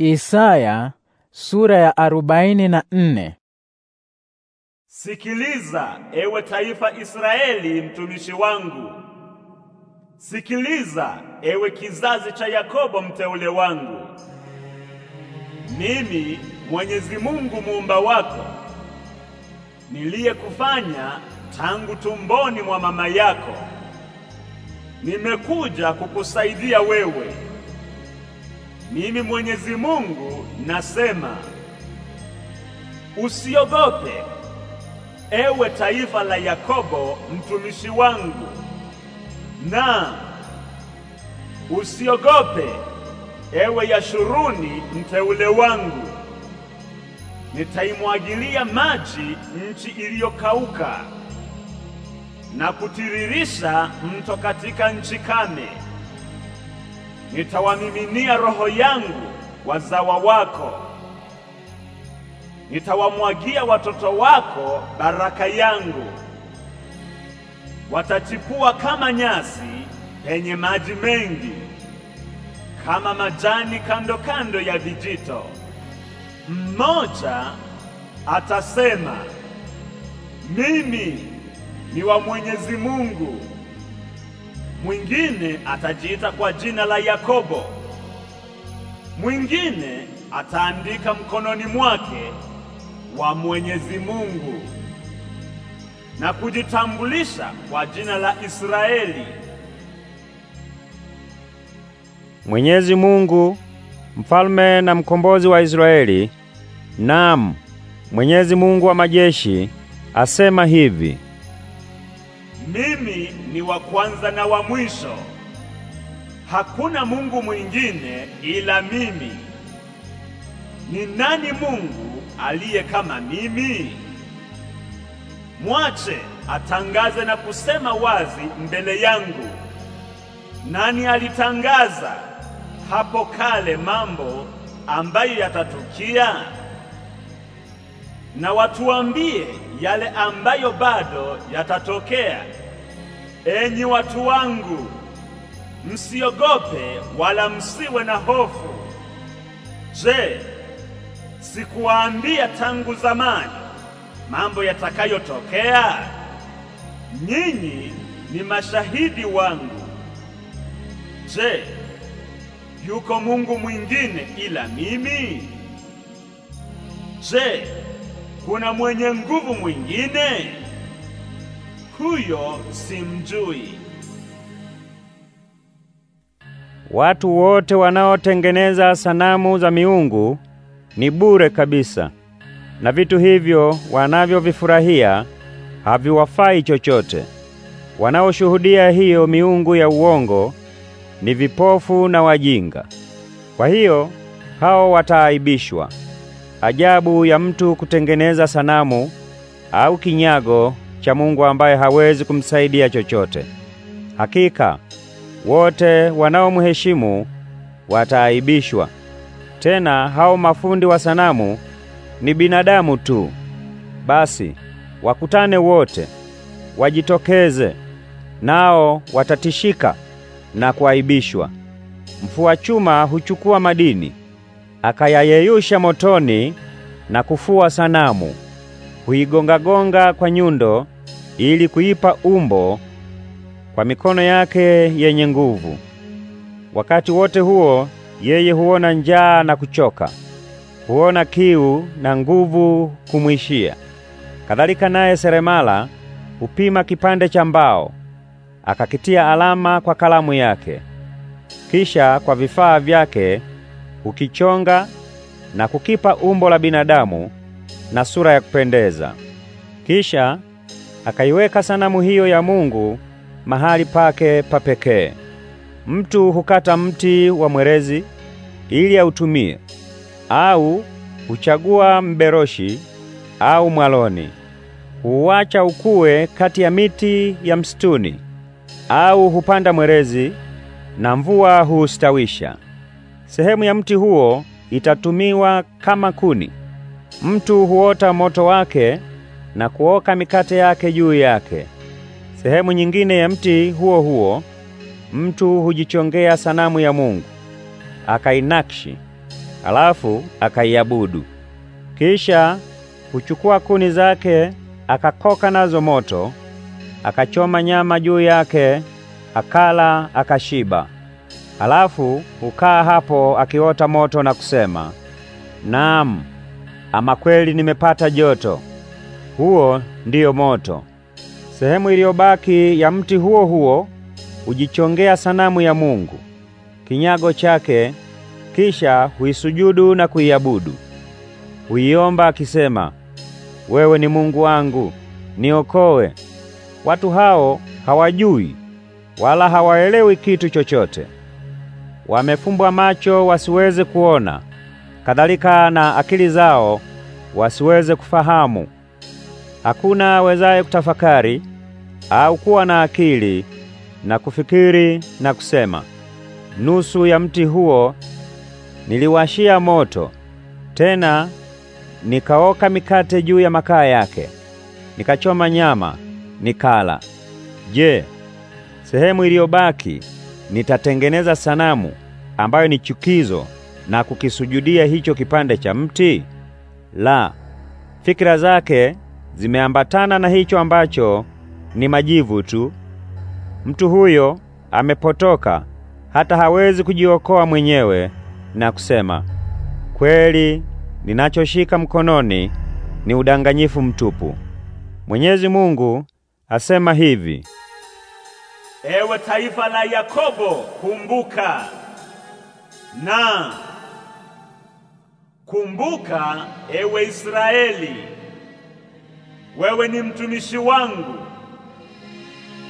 Isaya sura ya arobaini na nne. Sikiliza ewe taifa Israeli, mtumishi wangu. Sikiliza ewe kizazi cha Yakobo, mteule wangu. Mimi Mwenyezi Mungu muumba wako niliyekufanya tangu tumboni mwa mama yako, nimekuja kukusaidia wewe mimi Mwenyezi Mungu nasema, usiogope ewe taifa la Yakobo mtumishi wangu, na usiogope ewe Yashuruni mteule wangu. Nitaimwagilia maji nchi iliyokauka na kutiririsha mto katika nchi kame. Nitawamiminia roho yangu wazawa wako, nitawamwagia watoto wako baraka yangu. Watachipua kama nyasi penye maji mengi, kama majani kando kando ya vijito. Mmoja atasema mimi ni wa Mwenyezi Mungu mwingine atajiita kwa jina la Yakobo, mwingine ataandika mkononi mwake wa Mwenyezi Mungu na kujitambulisha kwa jina la Israeli. Mwenyezi Mungu mfalme na mkombozi wa Israeli, naam, Mwenyezi Mungu wa majeshi asema hivi: mimi ni wa kwanza na wa mwisho. Hakuna Mungu mwingine ila mimi. Ni nani Mungu aliye kama mimi? Mwache atangaze na kusema wazi mbele yangu. Nani alitangaza hapo kale mambo ambayo yatatukia? Na watuambie yale ambayo bado yatatokea. Enyi watu wangu, msiogope wala msiwe na hofu. Je, sikuwaambia tangu zamani mambo yatakayotokea? Nyinyi ni mashahidi wangu. Je, yuko Mungu mwingine ila mimi? Je, kuna mwenye nguvu mwingine? huyo simjui. Watu wote wanaotengeneza sanamu za miungu ni bure kabisa, na vitu hivyo wanavyovifurahia haviwafai chochote. Wanaoshuhudia hiyo miungu ya uongo ni vipofu na wajinga, kwa hiyo hao wataaibishwa. Ajabu ya mtu kutengeneza sanamu au kinyago cha Mungu ambaye hawezi kumsaidia chochote. Hakika wote wanaomheshimu wataaibishwa. Tena hao mafundi wa sanamu ni binadamu tu. Basi wakutane wote, wajitokeze, nao watatishika na kuaibishwa. Mfua chuma huchukua madini akayayeyusha motoni na kufua sanamu, huigonga-gonga kwa nyundo ili kuipa umbo kwa mikono yake yenye nguvu. Wakati wote huo yeye huona njaa na kuchoka, huona kiu na nguvu kumwishia. Kadhalika naye seremala hupima kipande cha mbao akakitia alama kwa kalamu yake, kisha kwa vifaa vyake hukichonga na kukipa umbo la binadamu na sura ya kupendeza. Kisha akaiweka sanamu hiyo ya Mungu mahali pake pa pekee. Mtu hukata mti wa mwerezi ili autumie, au huchagua mberoshi au mwaloni, huacha ukue kati ya miti ya msituni, au hupanda mwerezi na mvua huustawisha. Sehemu ya mti huo itatumiwa kama kuni, mtu huota moto wake na kuoka mikate yake juu yake. Sehemu nyingine ya mti huo huo mtu hujichongea sanamu ya Mungu akainakshi, alafu akaiabudu. Kisha huchukua kuni zake akakoka nazo moto, akachoma nyama juu yake, akala akashiba. Alafu hukaa hapo akiota moto na kusema, naam, ama kweli nimepata joto huo ndiyo moto. Sehemu iliyobaki ya mti huo huo hujichongea sanamu ya Mungu, kinyago chake, kisha huisujudu na kuiabudu. Huiomba akisema, wewe ni Mungu wangu, niokoe. Watu hao hawajui wala hawaelewi kitu chochote. Wamefumbwa macho wasiweze kuona, kadhalika na akili zao wasiweze kufahamu. Hakuna awezaye kutafakari au kuwa na akili na kufikiri na kusema, nusu ya mti huo niliwashia moto, tena nikaoka mikate juu ya makaa yake, nikachoma nyama nikala. Je, sehemu iliyobaki nitatengeneza sanamu ambayo ni chukizo na kukisujudia hicho kipande cha mti? La, fikira zake zimeambatana na hicho ambacho ni majivu tu. Mtu huyo amepotoka hata hawezi kujiokoa mwenyewe na kusema, kweli ninachoshika mkononi ni udanganyifu mtupu. Mwenyezi Mungu asema hivi: Ewe taifa la Yakobo, kumbuka na kumbuka, ewe Israeli wewe ni mtumishi wangu,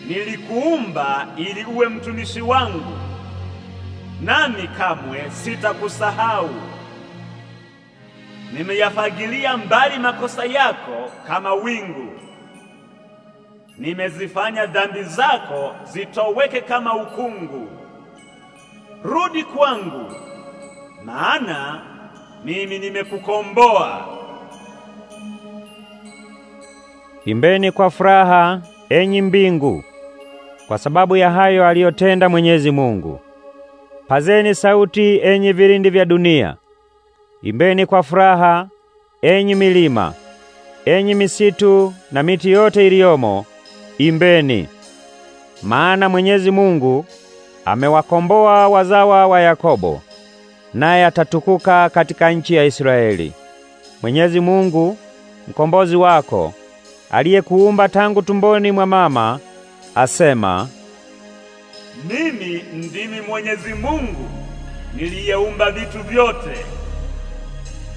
nilikuumba ili uwe mtumishi wangu, nami kamwe sitakusahau. Nimeyafagilia mbali makosa yako kama wingu, nimezifanya dhambi zako zitoweke kama ukungu. Rudi kwangu, maana mimi nimekukomboa. Imbeni kwa furaha, enyi mbingu, kwa sababu ya hayo aliyotenda Mwenyezi Mungu. Pazeni sauti, enyi vilindi vya dunia. Imbeni kwa furaha, enyi milima, enyi misitu na miti yote iliyomo, imbeni. Maana Mwenyezi Mungu amewakomboa wazawa wa Yakobo, naye atatukuka katika nchi ya Israeli. Mwenyezi Mungu mkombozi wako aliyekuumba tangu tumboni mwa mama, asema, mimi ndimi Mwenyezi Mungu niliyeumba vitu vyote.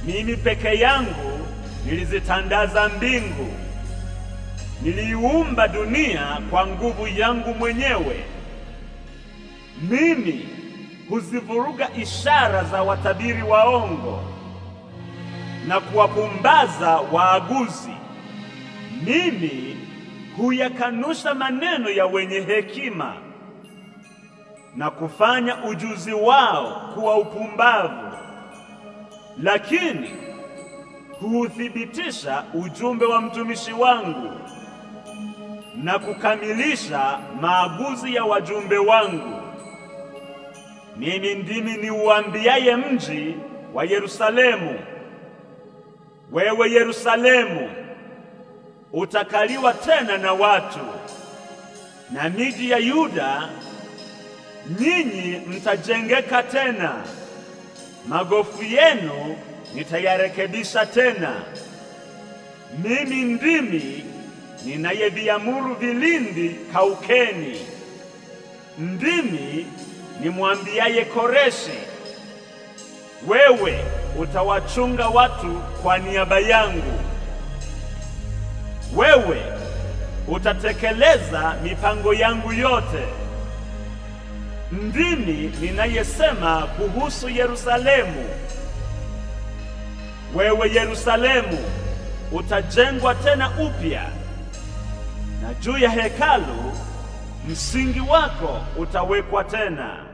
Mimi peke yangu nilizitandaza mbingu, Niliumba dunia kwa nguvu yangu mwenyewe. Mimi huzivuruga ishara za watabiri waongo na kuwapumbaza waaguzi mimi huyakanusha maneno ya wenye hekima na kufanya ujuzi wao kuwa upumbavu, lakini huuthibitisha ujumbe wa mtumishi wangu na kukamilisha maaguzi ya wajumbe wangu. Mimi ndimi niuambiaye mji wa Yerusalemu, wewe Yerusalemu utakaliwa tena na watu, na miji ya Yuda ninyi mtajengeka tena, magofu yenu nitayarekebisha tena. Mimi ndimi ninayeviamuru vilindi kaukeni, ndimi nimwambiaye Koreshi, wewe utawachunga watu kwa niaba yangu wewe utatekeleza mipango yangu yote. Ndini ninayesema kuhusu Yerusalemu, wewe Yerusalemu utajengwa tena upya, na juu ya hekalu msingi wako utawekwa tena.